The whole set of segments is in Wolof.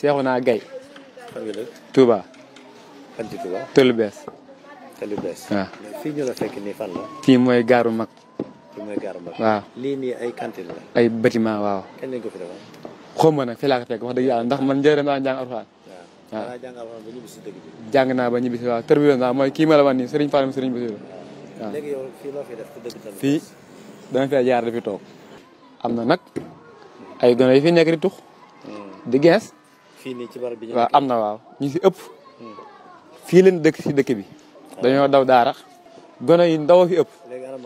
Cheikhouna Gaye Touba Tëlu Bees Tëlu Bees waaw fii ñu la fekk nii fan la mooy gaaru mag fii mooy gaaru mag waaw lii nii ay cantine la ay bâtiment waaw kenn ko fi xaw ma nag fii laa ko fekk wax dëgg yàlla ndax man njëriñ laa jàng alxuraan waaw jàng ba ñibbi si dëgg bi jàng naa ba ñibbi si waaw mooy kii ma la wax nii Serigne Fallou Serigne Bassirou waaw léegi yow fii loo fi def dëgg tamit fii dama fee fi toog am na nag ay gone fi nekk di tux hmm. di gens fii nii ci barab bi waaw am na waaw ñu si ëpp. fii leen dëkk si dëkk bi. dañoo daw daara. gone yi ndaw fi ëpp. léegi ana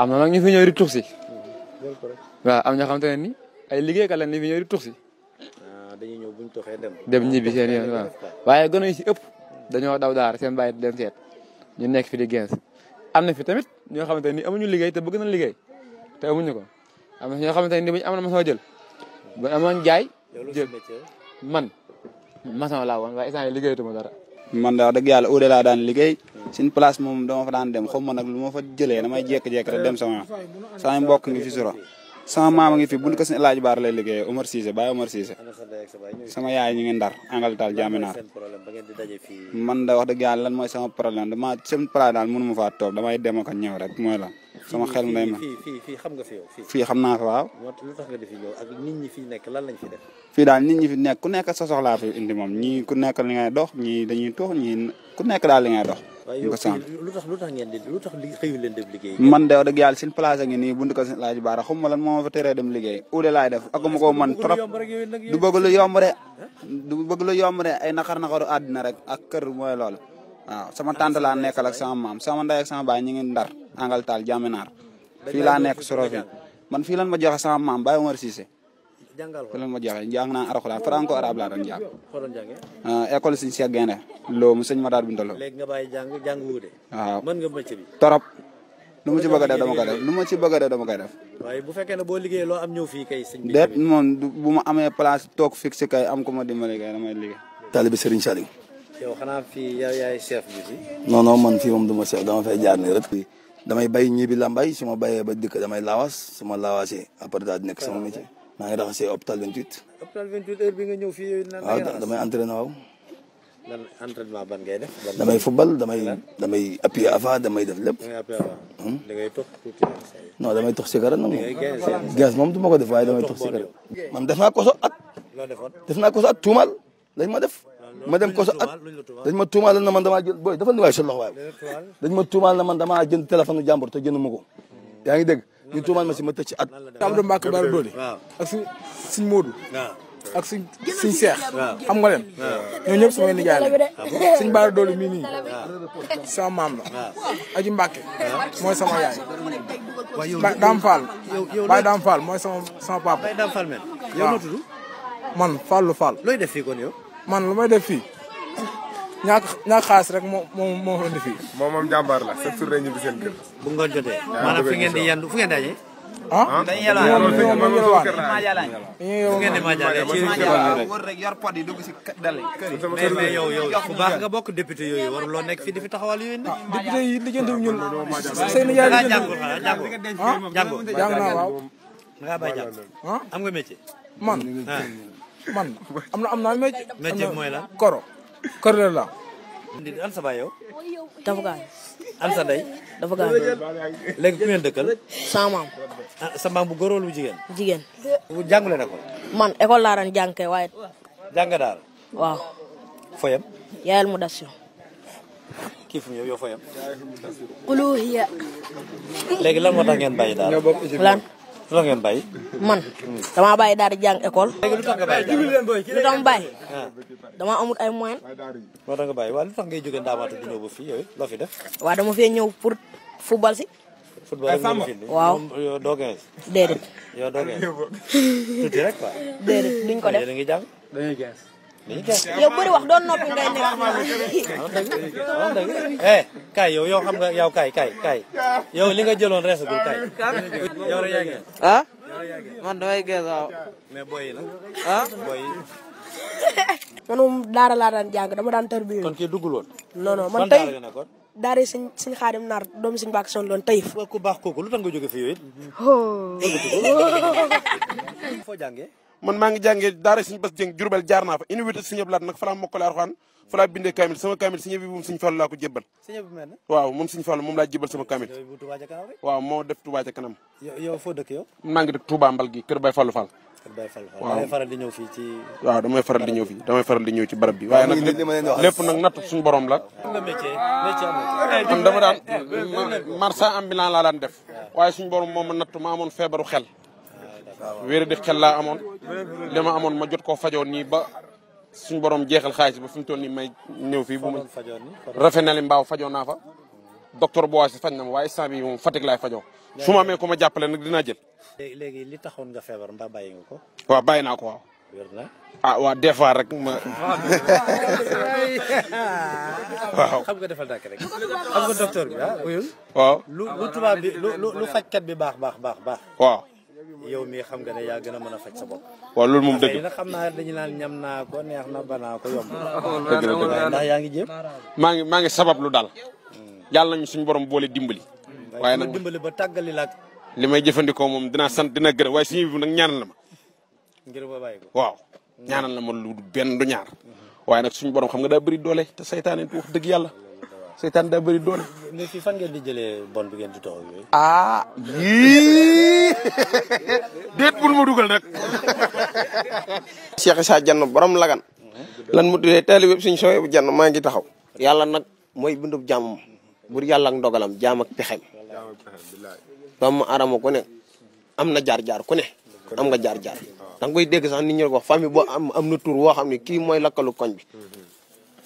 am na mag ñu fi ñëw di si. Mhm. waaw am ñoo xamante ne ni ay liggéeykat lañ li fi ñëw di tux si. Ah, ñëw bu ñu dem. dem ñibbi seen yoon waaye gone yi si ëpp. dañoo daw daara seen bàyyi dem seet. ñu nekk fi di gens am na fi tamit ñoo xamante ni amuñu liggéey te bëgg na liggéey te amuñu ko am na ñoo xamante ni buñ am na ma soo jël bu amoon jaay man maçon laa woon waaye instant liggéeyatuma dara. man de wax dëgg yàlla au daan liggéey suñ place moom dama fa daan dem xaw ma nag lu ma fa jëlee damay jékki-jékki rek dem sama yoon sama mbokk ngi fi sura sama maama ngi fi buñ ko seen laaj baar lay liggéeyee Omar Cissé Baye Omar Cissé sama yaay ñu ngi ndar Angaltal Jaaminaar man da wax dëgg yàlla lan mooy sama problème dama seen place daal mënu ma faa toog damay dem ak ñëw rek mooy lan sama xel mu day fii fii xam nga fi yow fii xam naa fa waaw lu tax nit ñi fi nekk lan lañ fi def fii daal nit ñi fi nekk ku nekk soxla soxlaa fi indi ku nekk li ngay dox ñii dañuy tuux ñii ku nekk daal li ngay dox tax lu tax ngeen di lu tax xëyu leen man de wax dëgg yàlla seen place a ngi nii buntu ko seen laaj baara xam ma lan moo ma fa teree dem liggéey uude laay def ak man trop du bëgg yomb de du bëgg lu yomb de ay naqar naqaru àddina rek ak kër mooy loolu waaw sama tante laa nekkal ak sama maam sama ndey ak sama baay ñi ngi ndar Angaltal Jaminaar fii laa nekk Sorofin man fii lan ma joxe sama maam Baye Omar Cissé fii lan ma joxe jàng naa Alxuraan franco arabe laa doon jàng ah, école Sëñ Cheikh Gaynde loo mu sëñ ma daal bindaloo léegi nga bàyyi jàng jàng wuute waaw mën nga mëcc bi torop lu ma ci bëgg a def dama koy def ma ci bëgg a def dama def waaye bu fekkee ne boo liggéeyee loo am ñëw fii kay sëñ bi déet moom bu ma amee place toog fixe am ko ma dimbali kay damay liggéey taalibe Serigne Saliou yow fii yow yaay chef bi si non non man fii moom du ma chef dama fay jaar rek damay bay ñii bi lambay su ma ba dëkk damay laawaas su ma laawaasee après daal di nekk sama métier. maa ngi raxasee hôpital 28. hôpital 28 heure bi nga la waaw damay entraîné waaw. lan damay football damay damay appuyer avant damay def lépp. Hmm? da ngay tox tuuti non damay tox cigarette nag moom. du ma ko def waaye damay tox cigarette. man def naa ko so at. loo defoon def naa ko so at tuumal lañ ma def. ma dem koso at dañ ma tuumaal na man damaa jël booy dafa ni waay sa ma tuumaal man damaa jënd téléphone jàmbur te jënduma ko hmm. yaa ngi dégg ñu tuumaal ma si ma tëj ci at Abdou Mbacke Bara Dolly ak suñ suñ Modou ak si suñ seex xam nga leen ñoo ñëpp samay nijaay la ah, suñ Bara Dolly mii nii sama maam la aji Mbacke ah. mooy sama yaay Baye Dame Fall mooy sama sama papa Baye Dame Fall men yow noo man Fallou Fall looy man lu may def fii ñàkk ñàkk xaalis rek moo moo moo indi fii. moom moom jàmbaar la sa tur ñibbi seen kër. bu ngoon jotee. maanaam fi ngeen di yendu fu ngeen daje. Ah? ah dañuy yalwaan moom moom moom moom kër naa yalwaan. fu ngeen di maajaale ci wër rek yor pot yi dugg si dale kër yi. mais mais yow yow bu baax nga bokk député yooyu waruloo nekk fii di fi taxawal yooyu nag. Ah, député yi lijjanti ñun seen yaay lijjanti jàngul xanaa jàngul. ah, ah? jàngul jàng naa waaw. nga bàyyi jàng am nga métier man man am na am naa métier. métier mooy koro. koro la la. di an sa baay yow. dafa gaañ. an sa ndey. dafa gaañ. léegi ku ngeen dëkkal. sa maam. Ah, bu góor wala jigéen. jigéen. jàngule na ko. man école laa daan jàng kay waaye. jàng daal. waaw. foyam. yaayal mu das yo. kii fu mu yow yow foyam. kuluhiya. léegi lan moo tax daal lan. lu tax ngeen bàyyi. man damaa bàyyi daal di jàng école. léegi lu tax nga bàyyi lu tax mu bàyyi. damaa amul ay moyens. moo tax nga bàyyi lu tax ngay jógee ndaamaata di ñëw ba fii yooyu loo fi def. waaw dama fee ñëw pour football si. football rek moom fi waaw yow doo gën. déedéet ko def a yow bëri wax doon noppi eh, yow yow xam nga yow kay kay li nga jëloon reesagul kay yow rek ah? man damay gees waaw mais boy nag ah boy yi man moom laa daan jàng dama daan tarbiyé kon kii duggul woon non non man tey daara sëñ sëñ xaadim naar doomu sëñ bàkk son loon tey ku baax kooku lu tax nga jóge fi yooyu oh. man maa ngi jàngee daara suñu bas jëng Jurbel jaar naa fa université Sëñ Abdu Lahat nag fa laa mokkale Alxuraan fa laa bindee kaamil sama kaamil sëñ bi moom sëñ Fallu laa ko jébbal waaw moom sëñ Fallu moom laa moo def Touba ca kanam yow foo dëkk yow maa ngi dëkk Touba mbal gi kër Baye Fallu Fall waaw damay faral di ñëw fii ci damay faral di ñëw fii damay faral di ñëw ci barab bi waaye nag lépp nag natt suñu borom la man dama daan marchand ambulant laa daan def waaye suñu borom moom ma natt ma amoon feebaru xel wéer di xel laa amoon li amoon ma jot koo fajoon nii ba suñu borom jeexal xaalis ba fi mu toll nii may ñëw fii bu ma rafet na li mbaaw fajoon naa fa docteur Boissy faj na ma waaye instant bi moom laay fajoo su ma amee ko ma jàppale nag dinaa jël léegi li taxoon nga feebar mbaa bàyyi nga ko waaw bàyyi naa ko waaw ah waa des fois rek ma. waaw. xam nga defal dàkk rek xam nga docteur bi ah, lu lu tubaab bi lu bi baax baax baax baax. waaw. yow mii xam nga ne yaa gën a mën a waaw loolu moom dëgg la xam naa dañu naan ñam naa ko neex na ba naa ko yomb. dëgg la dëgg la ndax yaa ngi jéem. maa ngi maa ngi sabab lu daal. Hmm. yàlla nañu suñu borom boole dimbali. waaye nag dimbali ba tàggali la li may jëfandikoo moom dinaa sant dina gërëm waaye suñu bi nag la ma. ngir ba bàyyi ko waaw. ñaanal la ma lu benn du ñaar. Hmm. waaye nag suñu borom xam nga daa bëri doole te saytaane wax dëgg yàlla seytaan daa bëri doole. mais fii fan ngeen di jëlee bon bi ngeen di toog yooyu. ah yii déet bul ma dugal nag. Cheikh Issa Diagne borom lagan lan mu tuddee te web suñu sooy bu Diagne maa ngi taxaw. yàlla nag mooy bindub jàmm bur yàlla ak ndogalam jaam ak pexem. doomu aadama ku ne am na jaar-jaar ku am nga jaar-jaar. da nga koy dégg sax nit ñi ko wax famille boo am na tur woo xam ne kii mooy lakkalu koñ bi.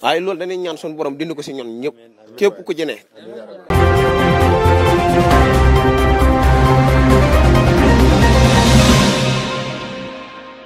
waaye loolu dañuy ñaan suñu borom dindi ko si ñun ñëpp képp ku ci ne